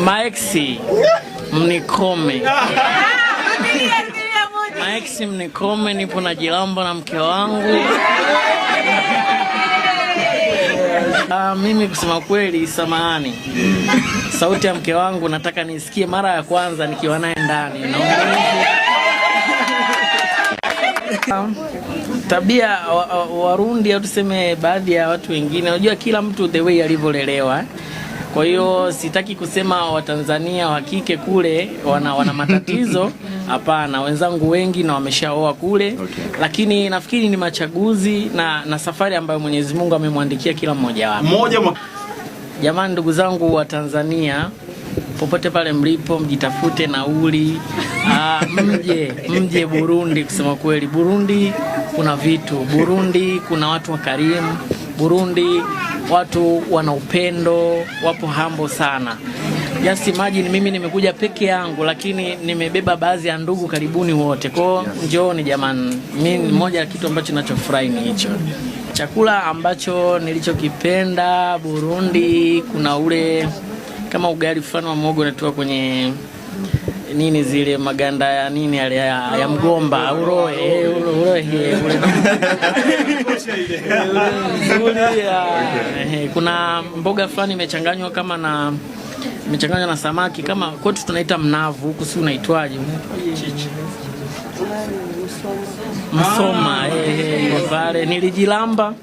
Maxi mnikome, ah, Maxi mnikome, nipo na jilamba na mke wangu. Ah, mimi kusema kweli, samahani, sauti ya mke wangu nataka nisikie mara ya kwanza nikiwa naye ndani na tabia Warundi wa, au tuseme baadhi ya watu wengine, unajua kila mtu the way alivyolelewa kwa hiyo sitaki kusema Watanzania wa kike kule wana, wana matatizo hapana, wenzangu wengi na wameshaoa kule okay. Lakini nafikiri ni machaguzi na, na safari ambayo Mwenyezi Mungu amemwandikia kila mmoja wao. Mmoja jamani, ndugu zangu wa Tanzania popote pale mlipo, mjitafute nauli aa, ah, mje mje Burundi. Kusema kweli, Burundi kuna vitu, Burundi kuna watu wakarimu Burundi watu wana upendo, wapo hambo sana. Just imagine mimi nimekuja peke yangu, lakini nimebeba baadhi ya ndugu karibuni wote kwao. Njooni jamani, mi mmoja ya kitu ambacho nachofurahi ni hicho chakula ambacho nilichokipenda Burundi. Kuna ule kama ugali fulani wa mwogo unatoka kwenye nini zile maganda ya nini ya, ya, ya mgomba uroe uroe kuna mboga fulani imechanganywa kama na imechanganywa na samaki kama kwetu tunaita mnavu, huku si unaitwaje? Msoma ah. eh, eh, eh, pale nilijilamba.